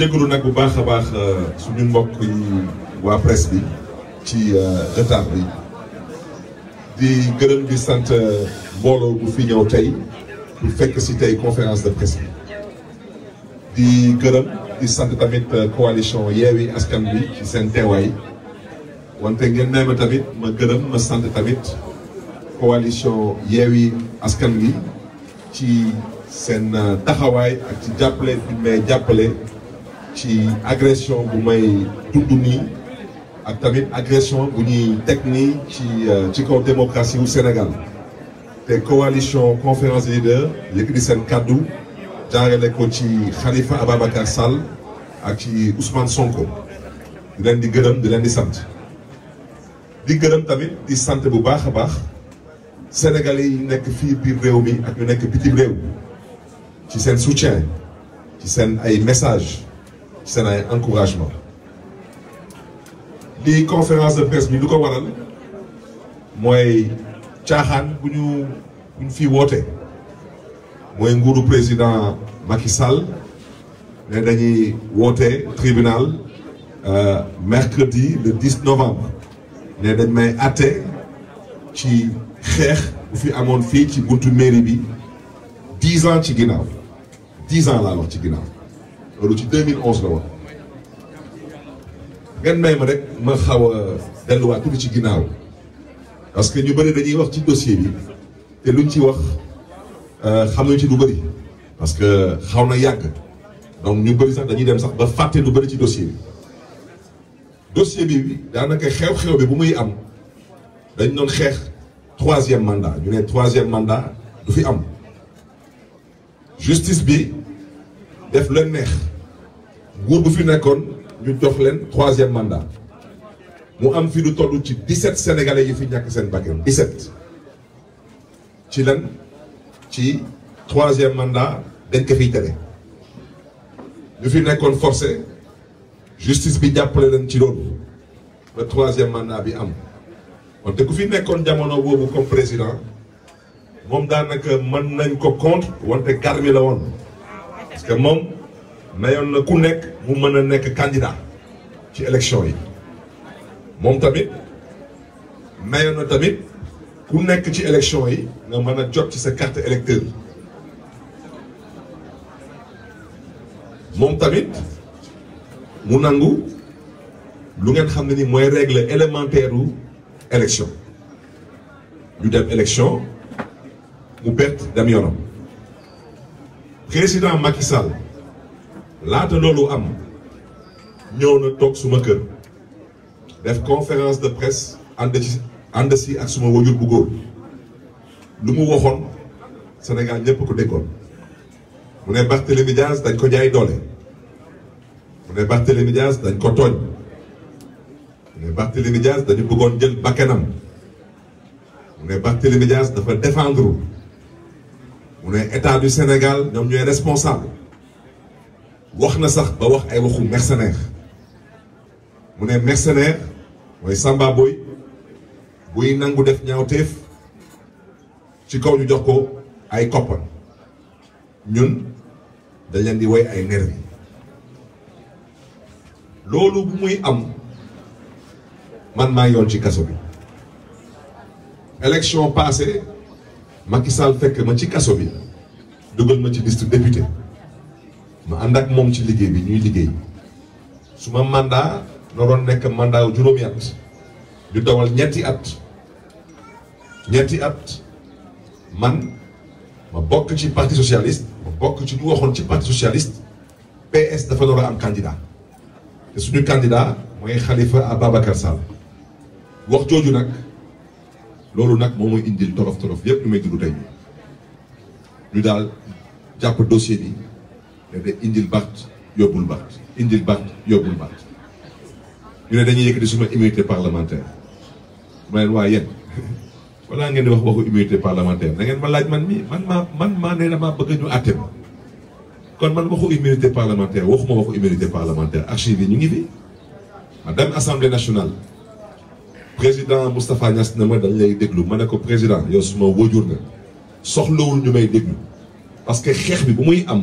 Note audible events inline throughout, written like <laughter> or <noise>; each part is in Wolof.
jégalu nag bu baax a baax euh, suñu mbokk yi waa presse bi ci euh, retard bi di gërëm di sant euh, mbooloo bu fi ñëw tey bu fekk si tey conférence de presse bi di gërëm di sant tamit coalition Yewwi Askan bi ci seen teewaay wante ngeen nee tamit ma gërëm ma sant tamit coalition Yewwi Askan Wi ci seen taxawaay ak ci jàppale bi may jàppale ci agression bu may tudd nii ak tamit agression bu ñuy teg ci euh, ci kaw démocratie wu Sénégal te coalition conférence des leaders di seen kàddu jaarale ko ci Khalifa Ababacar Sall ak ci Ousmane Sonko di leen di gërëm di leen di sant di gërëm tamit di sant bu baax a baax Sénégalais yi nekk fii biir réew mi ak ñu nekk bitim réew ci seen soutien ci seen ay message c'est un encouragement lii conférence de presse bi lu ko waral mooy caaxaan bu ñu bu fi woote mooy nguuru président Macky Sall ne dañuy woote tribunal euh, mercredi le 10 novembre ne dañ may àtte ci xeex bu fi amoon fii ci buntu mairie bi dix ans ci ginnaaw dix ans laa wax ci ginnaaw loolu ci 2011 la woon ngeen ma rek ma xaw a ci ginnaaw parce que ñu bëri dañuy wax ci dossier bi luñ ci wax euh, xam nañu ci lu bëri parce que xaw na yàgg donc ñu bëri sax dañuy dem sax ba fàtte lu bëri ci dossier bi dossier bi daanaka xew-xew bi bu muy am dañ doon xeex troisième mandat ñu ne troisième mandat du fi am justice bi def leen neex nguur bu fi nekkoon ñu jox leen troisième mandat mu am fi lu toll ci 17 sénégalais yi fi ñàkk seen bakkan 17 ci lan ci troisième mandat dañ ko fiy tere ñu fi nekkoon forcé justice bi jàppale leen ci loolu ba troisième mandat bi am kon ku fi nekkoon jamono boobu comme président moom nag mën nañ ko contre wante garmi la woon parce que moom. mayoon na ku nekk mu mën a nekk candidat ci élection yi moom tamit mayoon na tamit ku nekk ci élection yi nga mën a jot ci sa carte électeur moom tamit mu nangu lu ngeen xam ne ni mooy règle élémentaire u élection ñu dem élection mu perte dem yoonam président Macky laata loolu am ñëw na toog suma kër def conférence de presse ànd ci ànd si ak suma wajur bu góor lu mu waxoon Sénégal ñëpp ko déggoon mu ne Barthélémy Dias dañ ko jaay doole mu ne Barthélémy Dias dañ ko tooñ mu ne Barthélémy Dias dañu bëggoon jël bakkanam mu ne Barthélémy Dias dafa défendre mu ne état du Sénégal ñoom ñooy responsable wax na sax ba wax ay waxu mercenaire mu ne mercenaire mooy Samba buy nangu def ñaaw ñaawteef ci kaw ñu jox ko ay koppan ñun dañ leen di woy ay nervi loolu bu muy am man maa yoon ci kaso bi élection passée Macky Sall fekk ma ci kaso bi dugal ma ci liste député ma ànd ak moom ci liggéey bi ñuy liggéey su ma mandat naroon nekk mandat wu juróomi at ñu dawal ñetti at ñetti at man ma bokk ci parti socialiste ma bokk ci ñu waxoon ci parti socialiste PS dafa door a am candidat te suñu candidat mooy Khalifa Ababacar Sall wax jooju nag loolu nag moom mooy indi tolof tolof yépp lu may dund tey ñu daal jàpp dossier bi mais de indil Barth yóbbul Barth indil Barth yóbbul Barth ñu ne dañuy yëkkati suma immunité parlementaire ma leen waa yéen walla <laughs> ngeen di wax waxu immunité parlementaire da ngeen ma laaj man mii man maa man maa ne damaa bëgg ñu àtte ma kon man waxu immunité parlementaire waxuma waxu immunité parlementaire archives yi ñu ngi fi madame assemblée nationale président Moustapha Niass na ma dañ lay déglu ma ne ko président yow suma wójur na soxlawul ñu may déglu parce que xeex bi bu am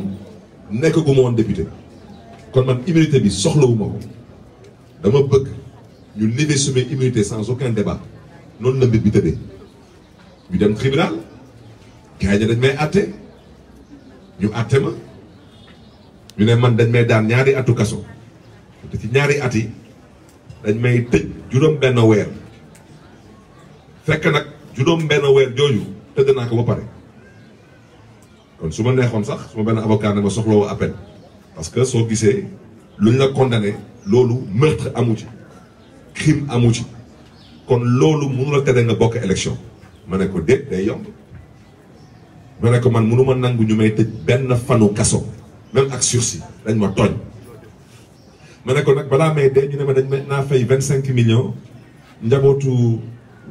nekk nekkaguma woon député kon man immunité bi soxlawuma ko dama bëgg ñu lever suma immunité sans aucun débat noonu la mbir bi tëddee ñu dem tribunal gars yi dañ may àtte ñu àtte ma ñu ne man dañ may daan ñaari atu kaso te ci ñaari at yi dañ may tëj juróom benn weer fekk nag juróom benn weer jooju tëdd naa ko ba pare kon su ma neexoon sax su ma benn avocat ne ma soxlawoo appel parce que soo gisee luñ la condamné loolu meurtre amu ci crime amu ci kon loolu mënu la tere nga bokk élection ma ne ko déet day yomb ma ne ko man mënu ma nangu ñu may tëj benn fanu kaso même ak sursis dañ ma tooñ ma ne ko nag balaa may dee ñu ne ma dañ ma naa fay vingt njabootu waa njabootu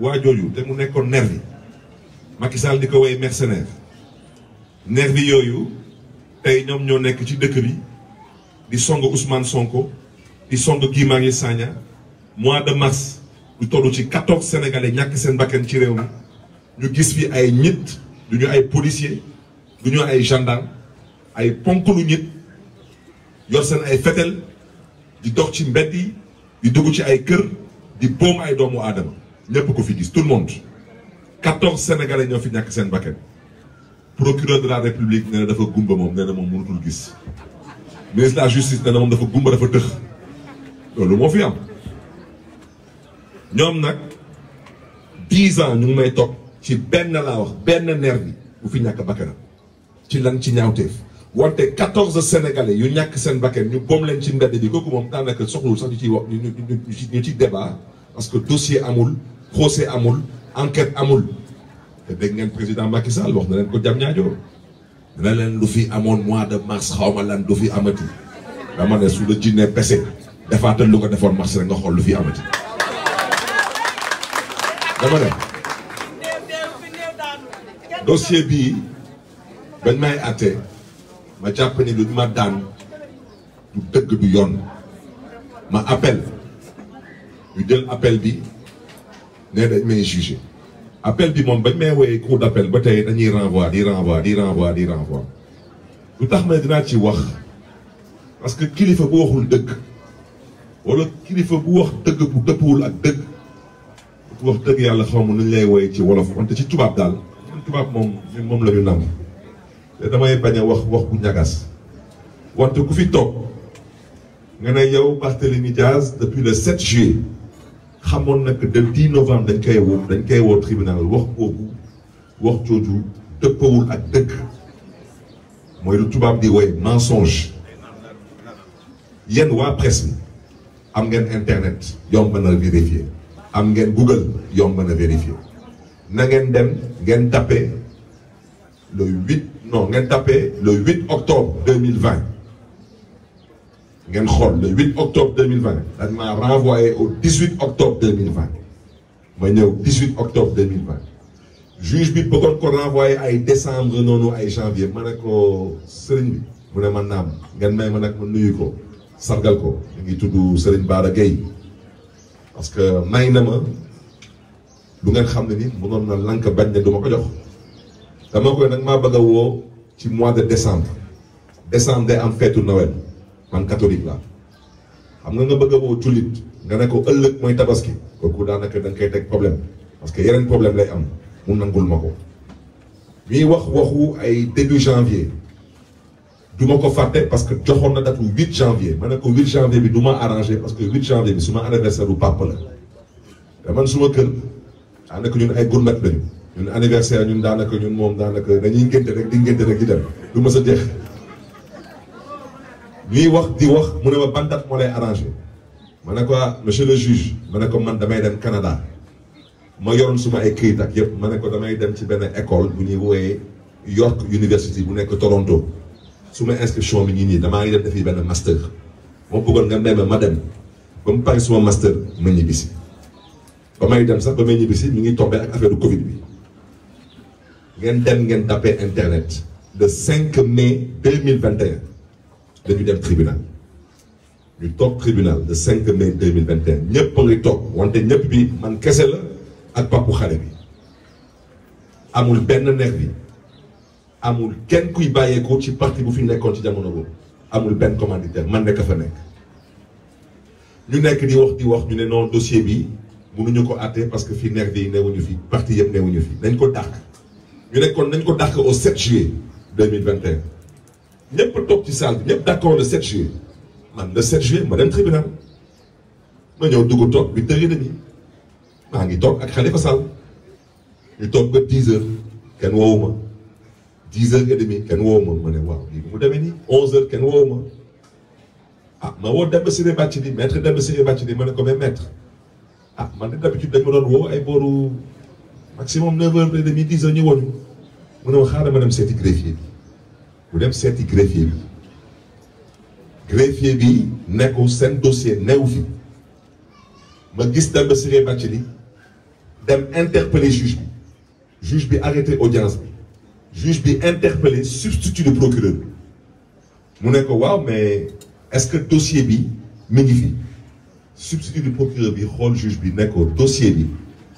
waajooju te mu nekkoon nervi Macky Sall di ko woy mercenaire neex bi yooyu tey ñoom ñoo nekk ci dëkk bi di song Ousmane Sonko di song Guy Marius Sagna mois de mars lu toll ci quatorze sénégalais ñàkk seen bakkan ci réew mi ñu gis fi ay ñit duñu ay policier du ñu ay gendarme ay ponklu ñit yor seen ay fetel di dox ci mbedd yi di dugg ci ay kër di boom ay doomu aadama ñépp ko fi gis tout le monde quatorze ñoo fi ñàkk seen bakkan procureur de la république nee na dafa gumba moom nee na moom mënutul gis ministre de la justice nee moom dafa gumba dafa tëx loolu moo fi am ñoom nag dix ans ñu ngi may toog ci benn laa wax benn nerf bi bu fi ñàkk bakkanam ci lan ci ñaawteef wante quatorze sénégalais yu ñàkk seen bakkan ñu boom leen ci mbedd bi kooku moom daanaka soxlul sax ñu ciy wax ñu ñu ñu ci débat parce que dossier amul procès amul enquête amul te dégg ngeen président Macky Sall wax na leen ko jam ñaajo dina leen lu fi amoon mois de mars xaw lan du fi amati dama ne su la jinnee pese defaatal lu ko defoon mars rek xool lu fi amati dama ne dossier bii bañ may àtte ma jàpp ni luñ ma daan du dëgg du yoon ma appel ñu jël appel bi ne dañ may jugé appel bi moom bañ may woowee cour d' ba tey dañuy renvoi di renvoi di renvoi di renvoi lu tax ma dinaa ci wax parce que kilifa bu waxul dëgg wala kilifa bu wax dëgg bu dëppwul ak dëgg bu wax dëgg yàlla xaw ma nu ñu lay woowee ci wolof wante ci tubaab daal ñun tubaab moom moom la ñu nam te damay bañ a wax wax bu ñagas wante ku fi toog nga ne yow Barthélémy Diaz depuis le 7 juillet xamoon na que le 10 novembre dañ koy woo dañ koy woo tribunal wax boobu wax jooju dëppawul ak dëgg mooy lu tubaab di woy mensonge yéen waa presse bi am ngeen internet yomb na vérifier am ngeen Google yomb na vérifier na ngeen dem ngeen tapé le 8 non ngeen tapé le 8 octobre 2020 ngeen xool le 8 octobre 2020 dañ maa renvoyé au 18 octobre 2020 ma ñëw 18 octobre 2020 juge bi bëggoon ko renvoyé ay décembre noonu ay janvier ma ne ko sëriñ bi mu ne ma naam ngeen may ma nag ma nuyu ko sargal ko mi ngi tudd Serigne Bara Gueye parce que may na ma lu ngeen xam ne ni mënoon na lank bañ ne du ma ko jox dama koy nag maa bëgg woo ci mois de décembre décembre day am feetu Noël. man catholique la xam nga nga bëgg a woo jullit nga ne ko ëllëg mooy tabaski kooku daanaka da nga koy teg problème parce que yeneen problème lay am mu nangul ma ko ñuy wax waxu ay début janvier du ma ko fàtte parce que joxoon na datu 8 janvier ma ne ko 8 janvier bi du ma arrangé parce que 8 janvier bi suma anniversaire bu papa la te man suma kër daanaka ñun ay gourmet lañu ñun anniversaire ñun daanaka ñun moom daanaka dañuy ngénte rek di ngénte rek di dem du ma sa jeex ñuy wax di wax mu ne ma ban date moo lay arrangé ma ne ko ah, monsieur le juge ma ne ko man damay dem Canada ma yoroon suma ay këyit ak yëpp ma ne ko damay dem ci benn école bu ñuy wooyee York University bu nekk Toronto suma inscription bi ñi nii damaa ngi def defi benn master moo bëggoon nga demee ma dem ba mu pare suma master ma ñibbisi ba may dem sax ba may ñibbisi mi ngi tombé ak affaire du Covid bi ngeen dem ngeen tapé internet le 5 mai dañu dem tribunal ñu toog tribunal le 5 mai 2021 ñëpp a ngi toog wante ñëpp bi man kese la ak papu xale bi amul benn neex bi amul kenn kuy bàyyeekoo ci parti bu fi nekkoon ci jamono boobu amul benn commanditaire man nekk fa nekk. ñu nekk di wax di wax ñu ne non dossier bi mënuñu ko àtte parce que fii neex bi newuñu fi parti yëpp newuñu fi nañ ko dàq ñu nekkoon kon nañ ko dàq au 7 juillet 2021. ñëpp toog ci salle bi ñëpp d'accord le 7 juillet man le 7 ma dem tribunal ma ñëw dugg toog bi tëri nañu maa ngi toog ak Khalifa Sall ñu toog ba 10 heures kenn woowu ma 10 heures et demie kenn woowu ma ma ne waaw lii mu demee nii 11 heures kenn woowu ma ah ma woo Demba Ciré Bathily maître Demba Ciré Bathily ma ne ko mais maître ah man de d'habitude dañ ma doon woo ay booru maximum 9 heures et demie 10 heures ñu woo ñu mu ne ma xaaral ma dem seeti greffier bi. mu dem seeti greffier bi greffier bi nekk nekkul seen dossier newu fi ma gis Demba Ciré Bathily dem interpeller juge bi juge bi arrêté audience bi juge bi interpellé substitut de procureur bi mu ne ko waaw mais es ce que dossier bi mi ngi fi substitut du procureur bi xool juge bi ne ko dossier bi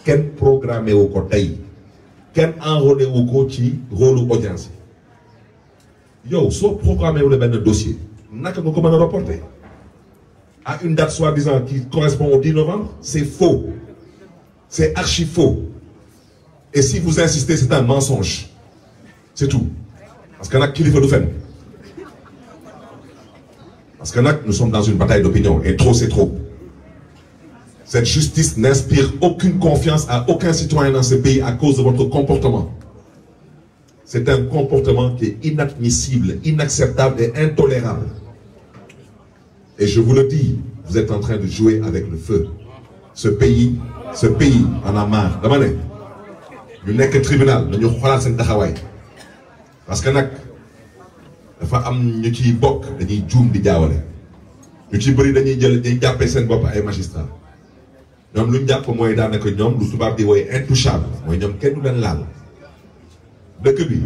kenn programmer wu ko tey kenn enrôlé wu ko ci rôle audience yi yow soo programmé wu la benn dossier naka nga ko mën a reporter à une date soi-disant qui correspond au 10 novembre c'est faux c'est archi faux et si vous insistez c'est un mensonge c'est tout parce que nag kilifa du fen parce que nag nous sommes dans une bataille d'opinion et trop c'est trop cette justice n'inspire aucune confiance à aucun citoyen dans ce pays à cause de votre comportement C'est un comportement qui est inadmissible, inacceptable et intolérable. Et je vous le dis, vous êtes en train de jouer avec le feu. Ce pays, ce en a marre. dama ne ñu nekk tribunal dañu xola seen taxawaay parce que nag dafa am ñu ciy bokk dañuy juum di jaawale ñu ci bëri dañuy jël dañuy jàppee seen bopp ay magistrat ñoom lu ñu jàpp mooy daanaka ñoom lu tubaab di woy intouchable mooy ñoom kenn du leen laal. dëkk bi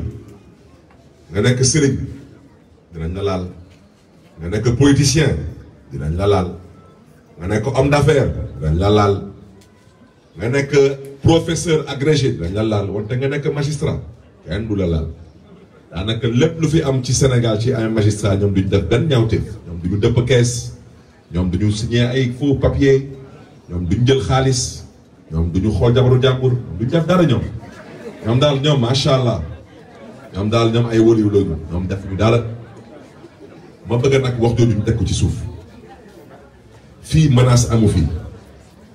nga nekk sëriñ dinañ la laal nga nekk politicien dinañ la laal nga nekk homme d'affaires dinañ la laal nga nekk professeur agrégé dinañ la laal wante nga nekk magistrat kenn du la laal daanaka lépp lu fi am ci Sénégal ci ay magistrat ñoom duñu def benn ñaw ñaawteef ñoom duñu dëpp kees ñoom duñu signé ay faux papier ñoom duñ jël xaalis ñoom duñu xool jabaru jàmbur duñ def dara ñoom ñoom daal ñoom macha allah ñoom daal ñoom ay wëriw lañu ñoom def ñu daal ma bëgg nag wax jooju ñu teg ci suuf fii menace amu fi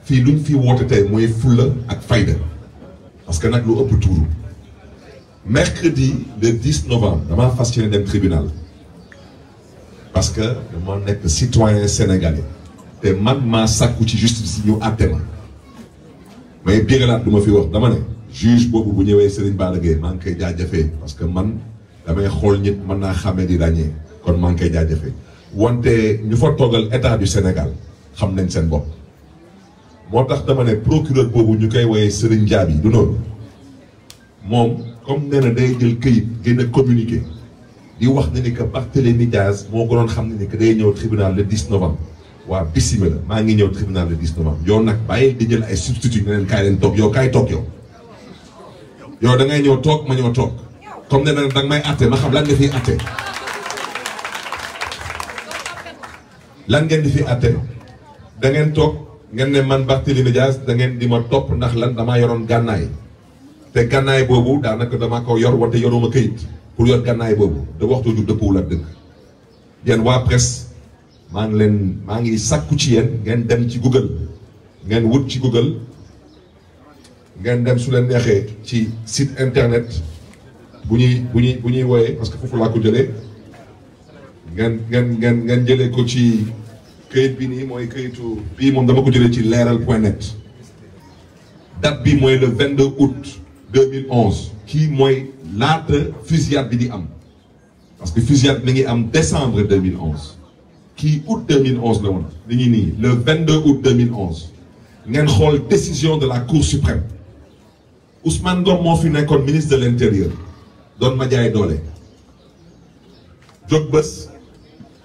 fii luñ fi woote tey mooy fulla ak fayda parce que nag lu ëpp tuuru mercredi le 10 novembre damaa fas yéene dem tribunal parce que dama nekk citoyen sénégalais te man maa sàkku ci justice ñu àtte ma mais biiralaat du ma fi wax dama ne. juge boobu bu ñëwee Serigne Bara Gueye maa ngi koy jaajafee parce que man damay xool nit man naa xàmmee di ràññee kon maa ngi koy jaajëfee wante ñu fa toogal état du Sénégal xam nañ seen bopp moo tax dama ne procureur boobu ñu koy woyee Serigne Diaby du noonu moom comme nee day jël këyit gën a communiqué di wax ne ni que Barthélémy Diaz moo ko doon xam ne ni que day ñëw tribunal le 10 novembre waa bisimilah maa ngi ñëw tribunal le 10 novembre yow nag bàyyi di jël ay substitut ne leen kaay leen toog yow kaay yow dangay ñëw toog ma ñëw toog comme ne nag da nga may àtte ma xam lan nga fiy lan ngeen di fi àtte da ngeen toog ngeen ne man Barthélémy Dias da ngeen di ma topp ndax lan damaa yoroon gànnaay te gànnaay boobu daanaka dama ko yor wante yoruma këyit pour yor gànnaay boobu da waxtu ju dëppuwul ak dëgg yéen waa presse maa ngi leen maa ngi sàkku ci yéen ngeen dem ci Google ngeen wut ci Google ngeen dem su leen neexee ci site internet bu ñuy bu ñuy bu ñuy wooyee parce que foofu laa ko jëlee ngeen ngeen ngeen ngeen jëlee ko ci këyit bi nii mooy këyitu bii moom dama ko jëlee ci leeral point net date bi mooy le 22 août 2011 kii mooy laata fusillade bi di am parce que fusillade mi ngi am décembre 2011 kii août 2011 la moon li ngi nii le 22 août 2011 ngeen xool décision de la Cour suprême Ousmane Ngom moo fi nekkoon ministre de l'intérieur doon ma jaay doole jóg bés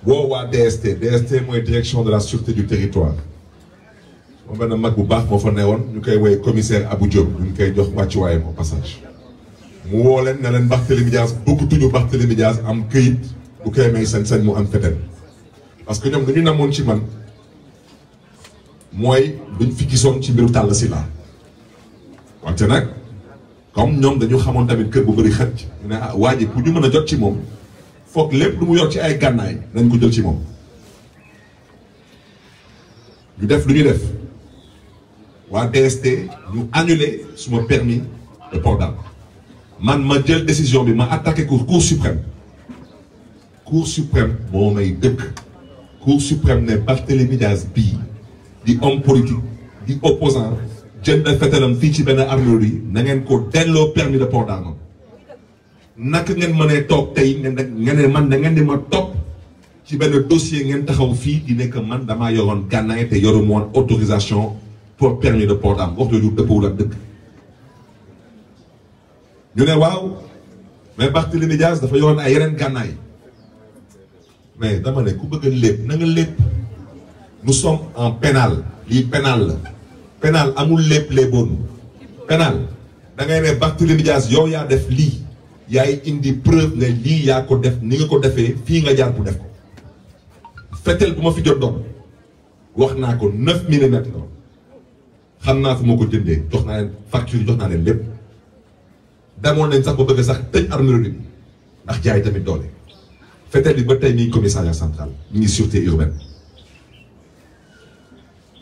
woo waa DST DST mooy direction de la sûreté du territoire moom benn mag bu baax moo fa newoon ñu koy woowee abu Abou Diop ñu koy jox wàccuwaayam au passage mu woo leen ne leen Barthélémy Dias bëggatuñu Barthélémy Dias am këyit bu koy may sañ-sañ mu am feneen parce que ñoom li ñu namoon ci man mooy duñ fi gisoon ci mbiru Talla Sylla wante nag. comme ñoom dañu xamoon tamit kër bu bëri xëcc ñu ah, waa ji pour ñu mën a jot ci moom foog lépp lu mu yor ci ay gànnaay nañ ko jël ci moom ñu def lu ñu def waa DST ñu annulé suma permis de port man ma jël décision bi ma attaqué ko cour suprême cour suprême moo may dëkk cour suprême ne Barthélémy bii di homme politique di opposant jënd ay fetalam fii ci benn armée yi na ngeen ko delloo permis de port d'arme nak ngeen mënee toog tey ngeen ne ngeen man da ngeen di ma topp ci benn dossier ngeen taxaw fii di nekk man damaa yoroon gànnaay te yoru moon autorisation pour permis de port d'arme wax jooju dëppawul ak dëkk. ñu ne waaw mais Barthélémy Dias dafa yoroon ay yeneen gànnaay mais dama ne ku bëgg a lépp na nga lépp nous sommes en pénal lii pénal la. pénal amul lépp les bonnes pénal da ngay ne Barthélémy Dias yow yaa def lii yaay indi preuve ne lii yaa ko def ni nga ko defee fii nga jaar bu def ko fetel bu ma fi jot doon wax naa ko neuf millimètres la xam naa fu ma ko jëndee jox naa leen facture jox naa leen lépp demoon nañ sax ba bëgg sax tëj armurerie bi ndax jaay tamit doole fetel bi ba tey mi ngi commissariat central mi ngi sûreté urbaine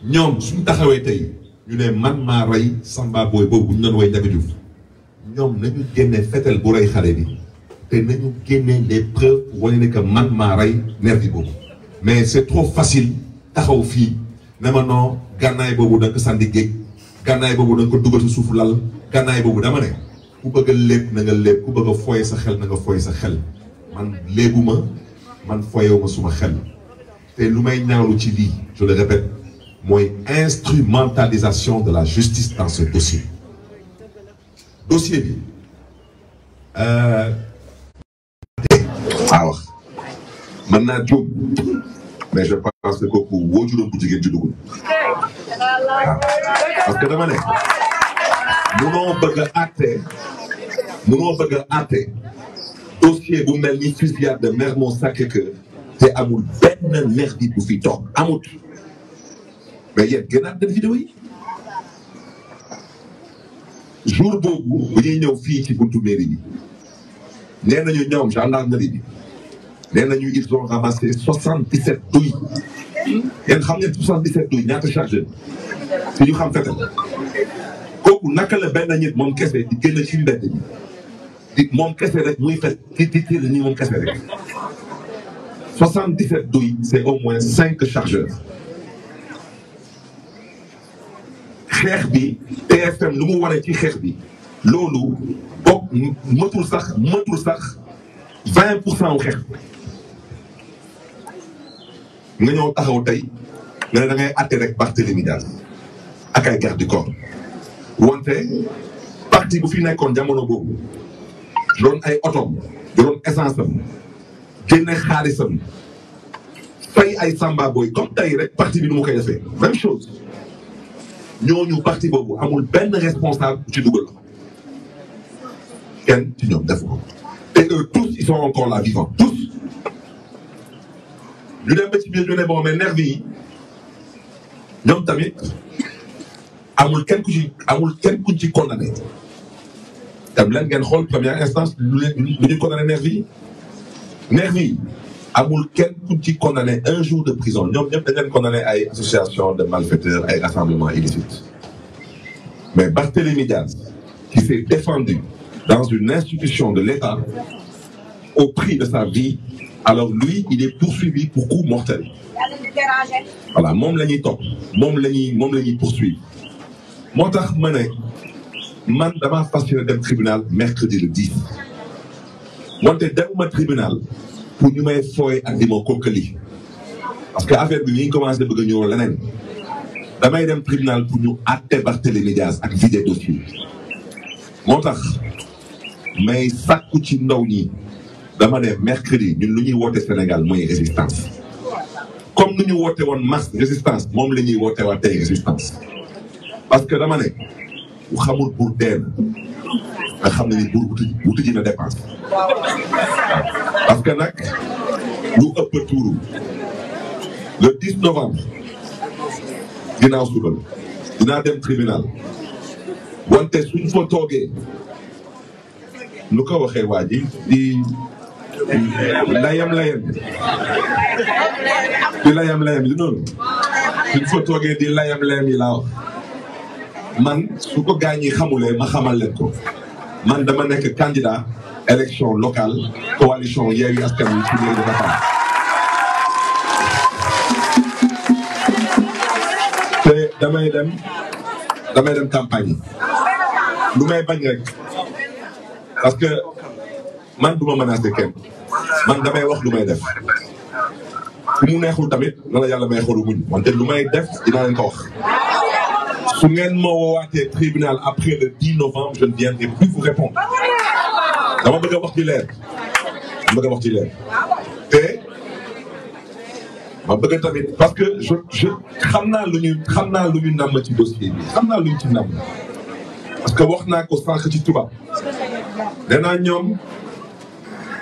ñoom suñu taxawee tey ñu ne man maa rey Samba Boy boobu bu way Ndiaga ñoom nañu génne fetel bu rey xale bi te nañu génne les preuves wane ne que man maa rey nervi boobu mais c'est trop facile taxaw fii ne ma non boobu da nga ko sànni géej boobu da ko dugal ci suufu lal gànnaay boobu dama ne ku bëgg a léeb na nga ku bëgg a sa xel na nga sa xel man léebuma man fooyewuma suma xel te lu may ñaawlu ci lii je le répète mooy instrumentalisation de la justice dans ce dossier dossier bi waaw euh, ah, wax naa jóg mais je pense que kooku woo juróom bu jigéen ci dugg waaw ah, parce que dama ne munoo bëgg bëgg a àtte dossier bu mel ni de Mermoz Sacré-Cœur te amul benn nervi bu fi mais yéen gënaat ngeen vidéo yi jour boobu bu ñuy ñëw fii ci buntu mairie bi nee nañu ñoom gendarmerie bi nee nañu ils ont ramassé soixante dix sept douilles yéen xam ngeen soixante dix sept douilles ñaata chargé si ñu xam fetal kooku naka la benn nit moom kese di génn ci mbedd di moom kese rek muy fet ci ci tiir ni moom kese rek soixante dix sept douilles c'est au moins cinq chargeurs xeex bi TFM lu mu waree ci xeex bi loolu book mëtul sax mëtul sax vingt pour cent wu xeex nga ñëw taxaw tey nga ne da ngay àtte rek Barthélémy Dias ak ay garde du corps wante parti bu fi nekkoon jamono boobu doon ay otom doon essence am génne xaalisam fay ay samba booy comme tey rek parti bi nu mu koy defee même chose ñooñu parti boobu amul benn responsable bu ci dugal loxo kenn def ko te eux tous ils sont encore là vivants tous ñu ci biir ñu ne bon mais nervi yi ñoom tamit amul kenn ku ci amul kenn kuñ ci condamné tam leen ngeen xool première instance lu leen lu ñu condamné nervi nervi yi amul kenn ku ci condamné un jour de prison ñoom ñëpp dañ leen condamné la association de malfaiteurs ay rassemblement illicite mais Barthélémy Diaz qui s'est défendu dans une institution de l'État au prix de sa vie alors lui il est poursuivi pour coup mortel voilà moom la ñuy topp moom la moom la ñuy poursuivre moo tax ma ne man damaa fas yéene dem tribunal mercredi le 10 de demuma tribunal pour ñu may fooy ak di ma kokkali parce que affaire bi ñu ngi commencé bëgg a ñëw leneen damay dem tribunal pour ñu àtte Barthélémy Dias ak vider dossier moo tax may sàkku ci ndaw ñi dama ne mercredi ñun lu ñuy woote Sénégal mooy résistance comme nu ñu woote woon mars résistance moom la ñuy woote waat tey résistance parce que dama ne ku xamul pour deen nga xam ne ni buur wuti wuti na dépense parce que nag lu ëpp tuuru le 10 novembre dinaa suba dinaa dem tribunal wante suñ fa toogee nu ko waxee waa ji di layam layam di layam layam di noonu suñ fa toogee di layam layam yi man suko ko gaañi xamulee ma xamal leen ko man dama nekk candidat élection locale coalition Yewwi Askan Wi ci mairie de Dakar te damay dem damay dem campagne lu may bañ rek parce que man du ma kenn man damay wax lu may def ku mu neexul tamit na la yàlla may xolu muñ wante lu may def dinaa leen ko su ngeen ma woowaatee tribunal après le 10 novembre je ne viendrai plus vous répondre ah dama bëgg a wax ci leer dama bëgg a wax ci leer ah te ma bëgg tamit parce que je je xam naa lu ñu xam naa lu ñu nam ci dossier bi xam naa lu ci nam parce que wax naa ko sànq ci tubaab nee naa ñoom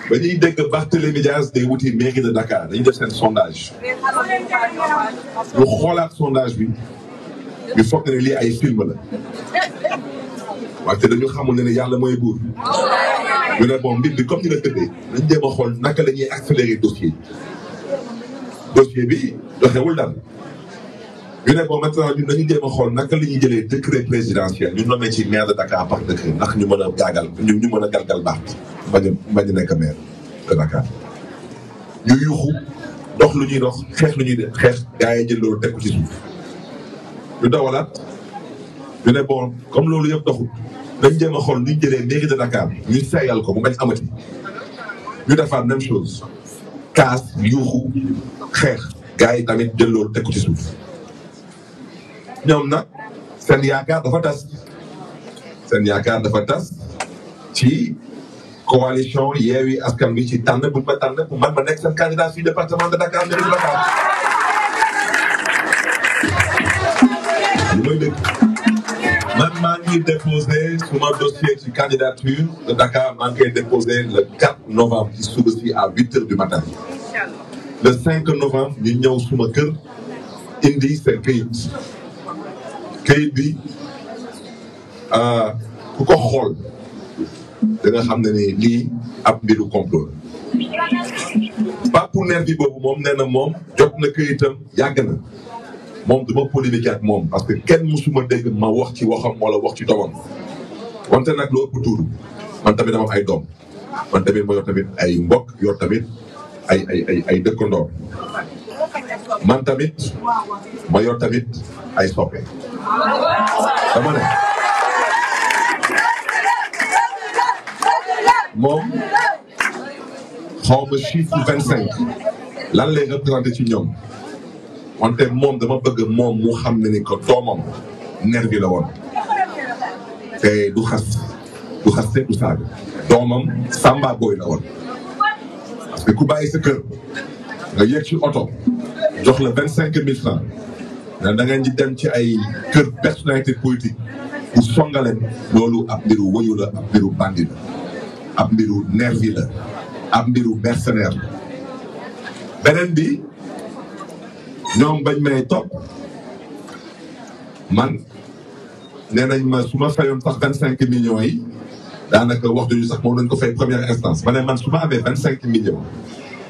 ba ñuy dégg Barthélémy Dias day wuti mairie de Dakar dañuy def seen sondage ñu xoolaat sondage bi ñu foog ne lii ay film la wante dañu xamul ne ne yàlla mooy buur ñu ne bon mbir bi comme ni la tëddee dañ jéem a xool naka la ñuy accélérer dossier dossier bi daal ñu ne bon maintenant ñun dañu xool naka la ñuy jëlee décret présidentiel ñu nommé ci maire de Dakar par décret ndax ñu mën a gaagal ñu ñu mën a galgal baax bañ a bañ a nekk maire de Dakar ñu yuuxu dox lu ñuy dox xeex lu ñuy xeex gaa yi jël loolu teg ko ci suuf ñu dawalaat ñu ne bon comme loolu yëpp doxul dañ jéem a xool ñu jëlee mairie de Dakar ñu sayal ko mu bañ amati ñu defaat même chose kaas yuuxu xeex gars yi tamit jël loolu teg ko ci suuf ñoom na seen yaakaar dafa tas seen yaakaar dafa tas ci coalition Yewwi Askan Wi ci tànn bu ma tànn bu ma seen candidat fii département de Dakar mairie de mooy dëgg man maa ngi déposé suma dossier ci candidature de Dakar maa ngi koy déposé le 4 novembre ci suba si à huit heures du matin le cinq novembre ñu ñëw suma kër indi seen kayit kayit bi euh, ku ko xool da nga xam ne ni lii ab mbiru complot la Pape Nerdy bi boobu moom nee na moom jot na kayitam yàgg na moom dama polémique ak moom parce que kenn mësuma dégg ma wax ci waxam wala wax ci doomam wante nag lu ëpp tuuru man tamit ay doom man tamit ma yor tamit ay mbokk yor tamit ay ay man tamit ma yor tamit ay soppe dama ne moom xaw ma chiffre vingt cinq lan lay représenté ci ñoom wante moom dama bëgg moom mu xam ne ni ko doomam nervi la woon te du xas du xas te du saaga doomam booy la woon parce que ku bàyyi sa kër nga yéeg ci oto jox la vingt cinq mille francs da nga di dem ci ay kër personnalité politique pour songaleen loolu ab mbiru woyu la ab mbiru bandi la ab mbiru nervi la ab mbiru mercenaire beneen bi ñoom bañ may topp man nee nañ ma su ma fayoon sax vingt cinq millions yi daanaka wax duñu sax moom lañ ko fay première instance ma man su ma amee vingt cinq millions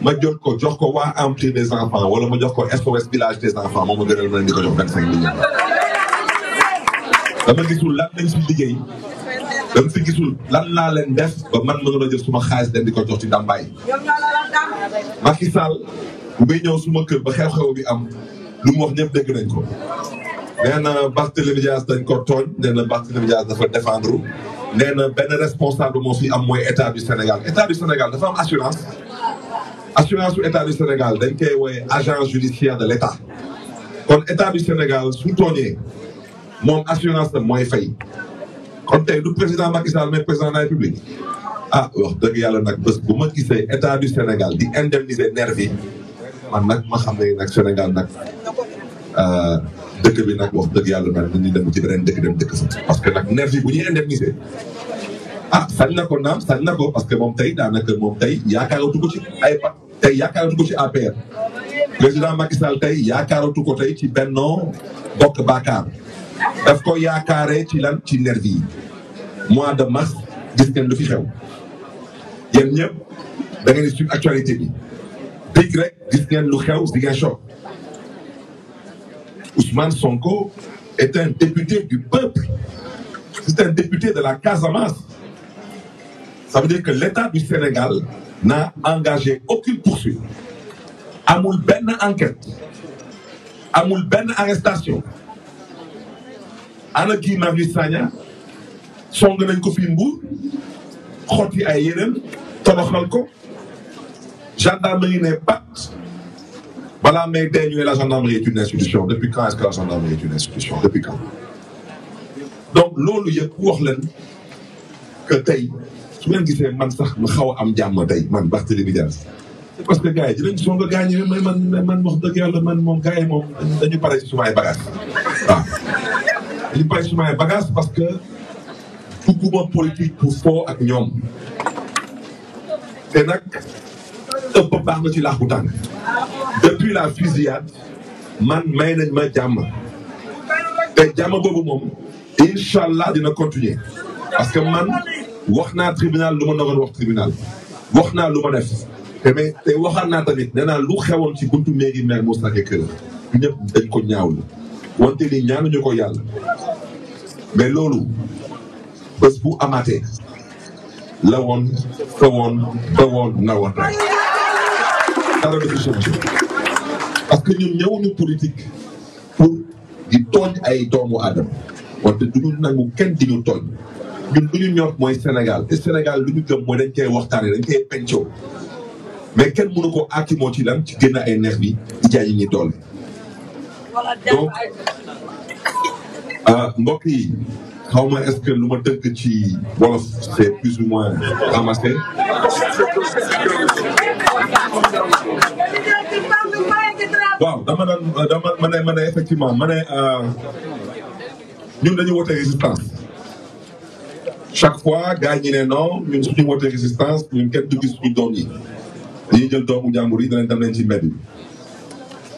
ma jot ko jox ko waa Empire des enfants wala ma jox ko SOS village des enfants moom ma gënal ma leen di ko jox vingt cinq millions dama liggéey dama fi gisul lan laa leen man ma nga a suma xaalis leen di ko jox ci ndàmbaay Macky Sall bay ñëw ma kër ba xew-xew bi am lu mu wax ñëpp dégg nañ ko. nee na Barthélémy Dias dañ ko tooñ nee na Barthélémy Dias dafa défendre nee na benn responsable moo fi am mooy état du Sénégal état du Sénégal dafa am assurance. assurance su état du dañ koy wooye agent judiciaire de l' état kon état du Sénégal su tooñee moom assurance tam mooy fay. kon tey du président Macky Sall mais président de la ah wax dëgg yàlla nag bés bu ma gisee état du Sénégal di indemniser nervi man nag ma xam ne nag Sénégal nag euh, dëkk bi nag wax dëgg yàlla ma ni dem ci beneen dëkk dem dëkk fa. parce que nag nerf yi bu ñuy indemniser ah sañ na ko naam sañ na ko parce que moom tey daanaka moom tey yaakaaratu ko ci ay pa tey yaakaaratu ko ci APR. président Macky Sall tey yaakaaratu ko tey ci Benno Bokk Yaakaar daf ko yaakaaree ci lan ci nerf mois de mars gis ngeen lu fi xew yéen ñëpp da ngeen di actualité biig rek gis ngeen lu xew Ziguinchor Ousmane Sonko est un député du peuple c'est un député de la Casamance ça veut dire que l'État du Sénégal n'a engagé aucune poursuite amul benn enquête amul benn arrestation ana Guy Marius Sagna song nañ ko fi Mbour xotti ay ko gendarmerie ne pat balaa may dee ñu ne la gendarmerie est une institution depuis quand est que la gendarmerie est une institution depuis quand. donc loolu yëpp wax leen que tey su ngeen gisee man sax ma xaw a am jàmm tey man Barthélémy Dias c'est parce que gars yi dinañ soo ko gaañee mais man man wax dëgg yàlla man moom gars yi moom dañu pare si suma ay bagages waaw dañu pare si suma ay bagages parce que bugguma politique pour foo ak ñoom te nag. ëpp baax na ci laax bu tàng depuis la fusillade man may nañ ma jàmm te jàmm boobu moom incha allah dina continuer parce que man wax naa tribunal lu ma nagoon wax tribunal wax naa lu ma def te waxaat naa tamit nee naa lu xewoon ci buntu mairie maire Mermoz Sacré-Cœur ñëpp dañ ko ñaawlu ko yàlla mais loolu bés bu amaatee la woon fa woon ba woon avec parce que ñun ñëwuñu politique pour di tooñ ay doomu aadama wante du ñu nangu kenn di ñu tooñ ñun lu ñu ñor mooy Sénégal te Sénégal lu ñu gëm mooy dañ koy waxtaanee dañ koy pencoo mais kenn mënu ko aakimoo ci lan ci gën ay neex bi di jaay ñi doole ah, mbokk yi xaw ma lu ma dëgg ci wolof waaw dama daan euh, dama ma ne ma ne effectivement ma ne euh, ñun dañu wote chaque fois gars yi ñu ne non ñun suñu wote résistance ñun kenn du gis suñu doom yi dañuy jël doomu jàmbur yi danañ dem leen ci mbedd bi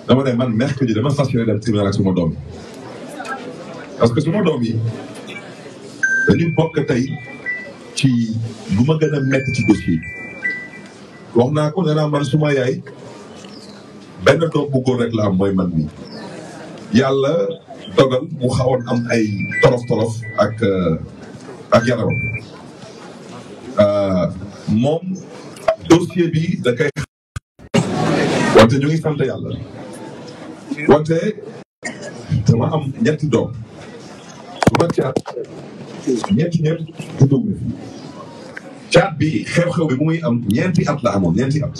dama ne man mercredi dama stationné dem tribunal ma suma que suma doom yi dañu bokk tey ci lu ma gën a metti ci dossier wax naa ko nee naa man suma yaay benn doom bu góor rek la am mooy man mi yàlla dogal mu xawoon am ay torof torof ak euh, ak yaram euh, moom dossier bi dakay koy ñu ngi sant yàlla wante dama am ñetti doom bu bi xew-xew bi bu muy am ñeenti at la amoon ñeenti at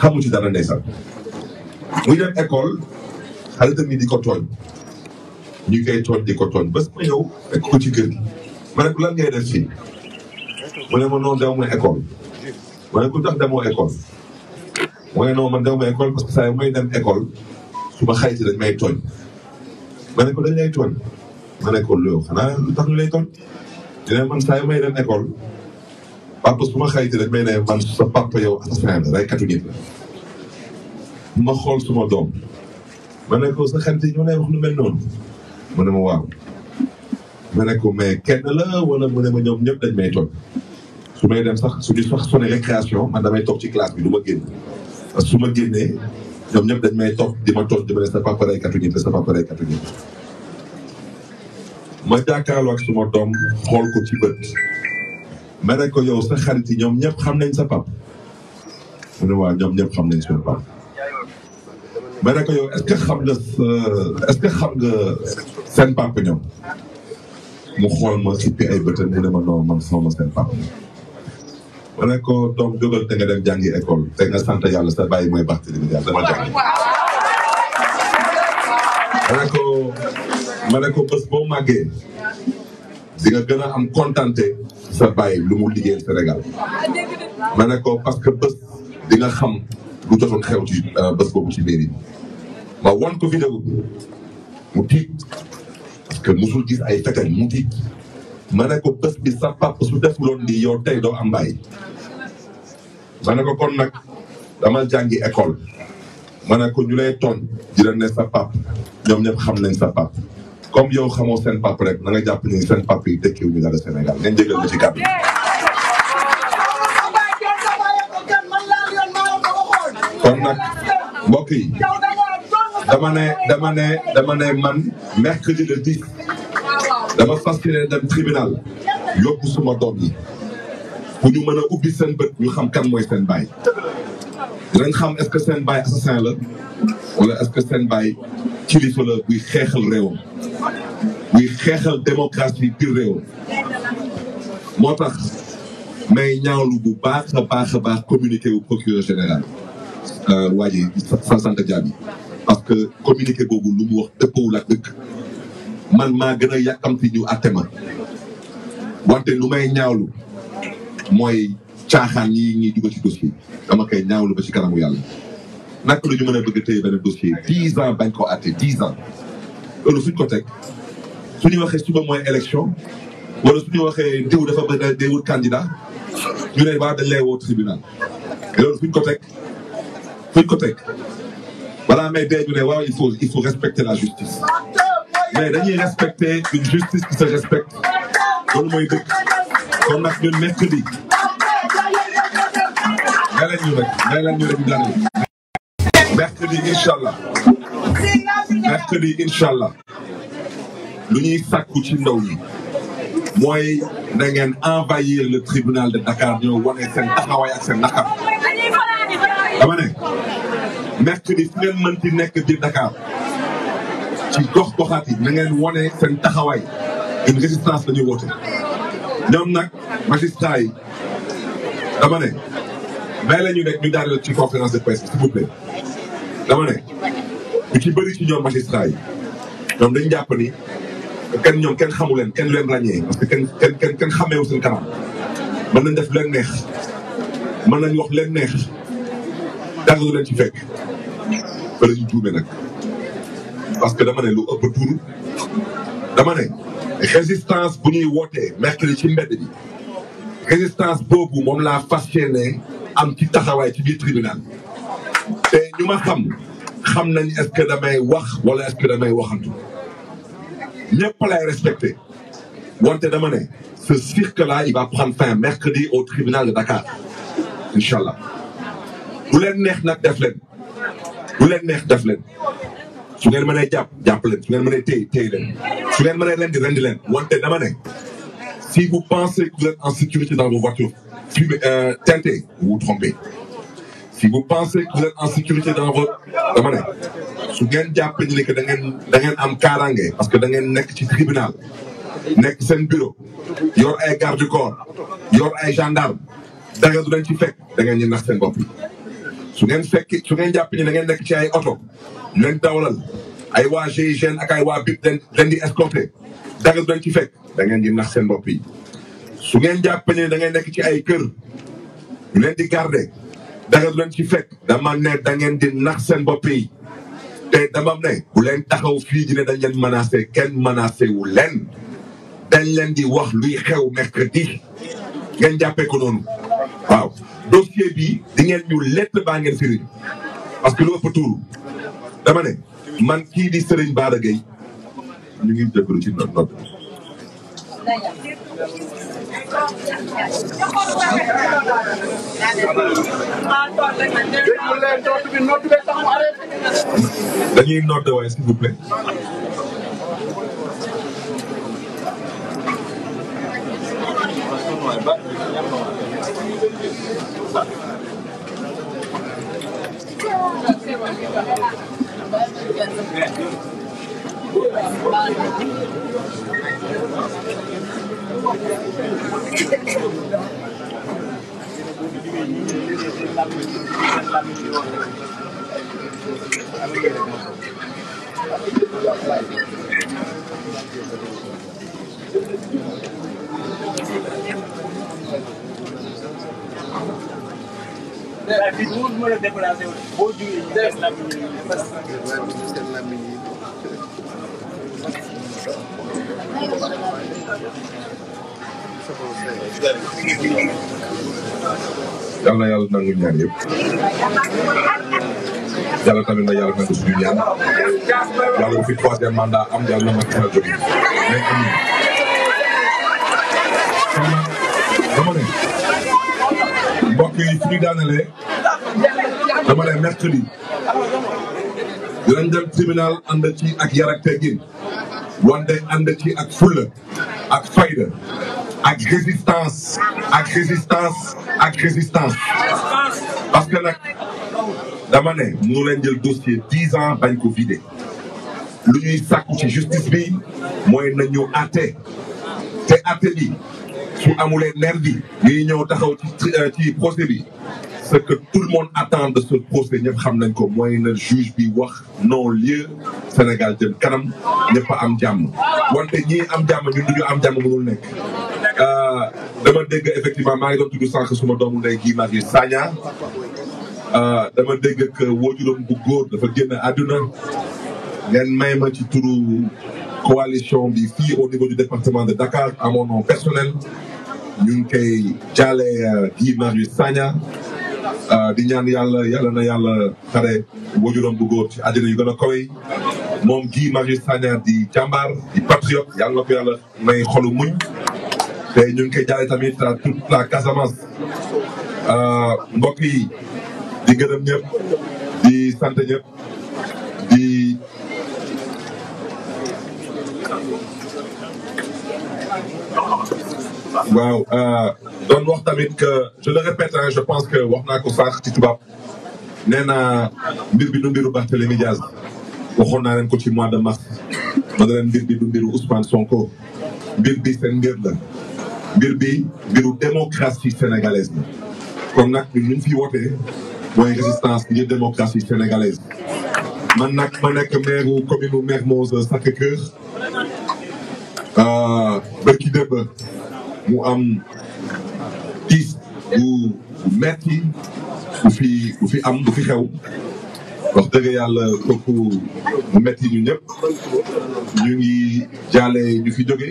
xamu ci dara ndeysaan muy dem ekool xale tamit di ko tooñ ñu koy tooñ di ko ba bés ma ñëw fekk ko ci kër gi ma ne ko lan ngay def fii mu ne ma noonu de ma école ma ne ko tax demoo école mooy non man dew ma école parce que saa may dem école su ma xayti dañ may tooñ ma ne ko dañ lay tooñ ma ne ko loolu xanaa lu tax ñu lay tooñ dina man saa may dem école parce que bu ma xaritee rek may ne man sa papa yow assassin la reykatu nit ma xool suma doom ma ne ko sa xarit yi ñoo lay wax lu mel noonu mu ne ma waaw ma ne ko mais kenn la wala mu ne ma ñoom ñëpp dañ may toog su may dem sax su sax sonné récréation man damay toog ci classe bi du ma génn parce su ma génnee ñoom ñëpp dañ may toog di ma toog di ma ne sa papa reykatu nit la sa papa reykatu nit la ma jàkkaarloo ak suma doom xool ko ci bët ma ne ko yow sa xarit yi ñoom ñëpp xam nañ sa pap mu waa ñoom ñëpp xam nañ suñu pap ma ne ko yow est-ce xam nga est ñoom mu xool ma xippi ay bëtam mu ne ma non man xaw ma seen pap ma ne ko doom jógal te nga dem jàngi école te nga sant yàlla sa bàyyi mooy baxte di yàlla dama jàngi ko ma ko bés boo màggee di nga gën am kontante sa bàyyi lu mu liggéeyal Sénégal ma ne ko parce que bés di nga xam lu jotoon xew ci euh, bés boobu ci mairie bi ma wan ko vidéo bi mu tiit parce que musul gis ay fetal mu tiit ma ne ko bés bi sa papa su defuloon lii yow tey doo am bàyyi ma ne ko kon nag dama jàngi école ma ne ko ñu lay tooñ la ne sa pap ñoom ñëpp xam nañ sa pap comme yow xamoo seen pap rek na nga jàpp ni seen pap yi tekkiwu ñu dara Sénégal ngeen jégal ma ci kàddu kon nag mbokk yi dama ne dama ne man mercredi le 10 dama fas yéene dem tribunal yóbbu suma doom yi pour ñu mën a ubbi seen bët ñu xam kan mooy seen baay dinañ xam est-ce que seen baay assassin la wala est-ce que seen baay kilifa la buy xeexal réewam buy xeexal démocratie biir réewam moo tax may ñaawlu bu baax a baax a baax communiqué wu procureur général euh, waa ji Santandé Diaby parce que communiqué boobu lu mu wax dëppawul ak dëkk man maa gën a yàkkamti ñu àtte ma wante lu may ñaawlu mooy caaxaan ñi ñuy dugal ci dossier dama koy ñaawlu ba ci kanamu yàlla naka la ñu mën a bëgg téye benn dossier dix ans bañ ko àtte dix ans loolu suñ ko teg suñu waxee suba mooy élection wala suñu waxee diw dafa bëgg a déwut candidat ñu ne waa dañ tribunal et loolu fuñ ko teg fuñ ko teg balaa may dee ñu ne waaw il faut respecter la justice mais dañuy respecter une justice qui se respecte loolu mooy dëkk kon nag ñun mercredi. nga leen ñu rek nga leen mercredi incha allah mercredi incha allah lu ñuy sàkku ci ndaw ñi mooy da ngeen envahir le tribunal de Dakar ñoo wane seen taxawaay ak seen naqar dama ne mercredi fu ngeen mënti nekk di Dakar ci gox goxaat yi na ngeen seen taxawaay une résistance la ñuy woote ñoom nag magistrat yi dama ne may ñu rek ñu daal ci conférence de presse s'il vous plaît dama ne ñu ci bëri ci ñoom magistrat ñoom dañ jàpp ni kenn ñoom kenn xamu leen kenn leen ràññee parce que kenn kenn kenn kenn xameewu seen kanam mën nañ def leen neex mën nañ wax le neex dara du leen ci fekk fa la nag parce que dama ne lu ëpp dama ne résistance bu ñuy wootee mercredi ci mbedd résistance boobu moom laa fas yéene am ci taxawaay ci biir tribunal te ñu ma xam xam nañ est-ce que wax wala est-ce que damay waxantu ñëpp lay respecté wante dama ne ce cirque-là il va prendre fin mercredi au tribunal de Dakar incha allah bu leen neex na def leen bu leen neex def leen su ngeen mënee jàpp jàpp leen su ngeen mënee téye téye leen su ngeen mënee rendi rendi leen wante dama ne si vous pensez que vous êtes en sécurité dans vos voitures fumez, euh, teintez, vous vous si vous pensez que vous êtes en sécurité dans votre dama ne su ngeen jàppee ni que da ngeen da ngeen am kaaraange parce que da ngeen nekk ci tribunal nekk seen bureau yor ay garde corps yor ay gendarme dara du leen ci fekk da ngeen ñu nax seen bopp su ngeen fekki su ngeen jàpp ni da ngeen nekk ci ay oto ñu leen dawalal ay waa GIGN ak ay waa BIP leen di escorté dara du leen ci fekk da ngeen ñu nax seen bopp yi su ngeen jàpp ni da ngeen nekk ci ay kër ñu di garder dara du ci fekk dama ne da ngeen di nax seen bopp yi te dama ne bu leen taxaw fii di ne dañ leen menacé kenn menacé wu leen dañ leen di wax luy xew mercredi ngeen jàppee ko noonu waaw dossier bi di ngeen ñu lett baa ngeen firi parce que lu ëpp dama ne man kii di Serigne Bara Gueye ñu ci nopp dañuy noter waaye s'il vous plaît. boo jugee ñu def làmmiñ yi ですか yàlla na yàlla nangu ñaan yëpp yàlla tamit na yàlla nangu suñu ñaan yàlla bu fi troisième mandat am yàlla na ma teel a jóge mais amuñu. dama ne mbokk yi fi ñu daanelee dama ne mercredi dinañ dem tribunal ànd ci ak yar ak teggin wan day ànd ci ak fulla ak fayda ak résistance ak résistance ak résistance parce que nag dama ne mënu leen jël dossier dix ans bañ ko vider lu ñuy sàkku ci justice bi mooy nañu àtte te àtte bi su amulee nerf bi ñuy ñëw taxaw ci euh, procès bi ce que tout le monde attend de ce procès ñëpp xam nañ ko mooy na juge bi wax non lieu Sénégal jëm kanam ñëpp a am jàmm wante ñi am jàmm ñun duñu am jàmm mënul nekk euh, dama dégg effectivement maa doon tudd sànq suma doomu ndey Guy Marius Sagna euh, dama dégg que waajuram bu góor dafa génn àdduna ngeen may ma ci turu coalition bi fii au niveau du département de Dakar à mon nom personnel ñu ngi koy jaale euh, Guy Marius Sagna di ñaan yàlla yàlla na yàlla xare wajuram bu góor ci àddina yu gën a kawe moom Guy Marius Sagna di jàmbaar di patriote yàlla na ko yàlla may xolu muñ te ñu ngi koy jaale tamit à toute la Casamance euh, mbokk yi di gërëm ñëpp di sant ñëpp waaw euh, doon wax tamit que je le répète je pense que wax naa ko ci tubaab nee naa mbir bi du mbiru Barthélémy Diaz waxoon naa leen ko ci mois de mars ma ne leen mbir bi du mbiru Ousmane Sonko mbir bi seen mbir la mbir bi mbiru démocratie sénégalaise kon nag ñun fi wootee mooy résistance ngir démocratie sénégalaise man nag ma nekk maire commune Mermoz Sacré-Cœur euh, bërki démb mu am tiis bu metti bu fi am bu fi xew wax dëgg yàlla kooku mu metti ñu ñëpp ñu ngi jaale ñu fi jóge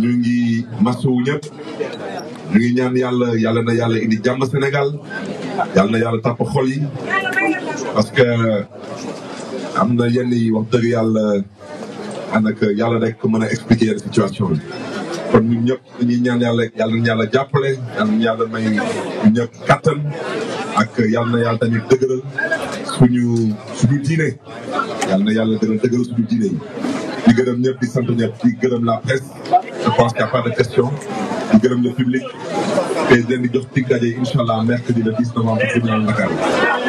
ñu ngi masawu ñëpp ñu ngi ñaan yàlla yàlla na yàlla indi jàmm Sénégal yàlla na yàlla tàpp xol yi parce que am na yenn yi wax dëgg yàlla ànd ak yàlla rek mën a expliquer situation bi. kon ñun ñëpp dañuy ñaan yàlla yàlla na yàlla jàppale yàlla na yàlla may ak yàlla na yàlla tamit dëgëral suñu suñu diine yàlla na yàlla dëgëral dëgëral suñu diine yi. di gërëm ñëpp di sant ñëpp di gërëm la presse je pense qu'il a pas de question di gërëm le public te leen di jox dig daje incha allah mercredi le 10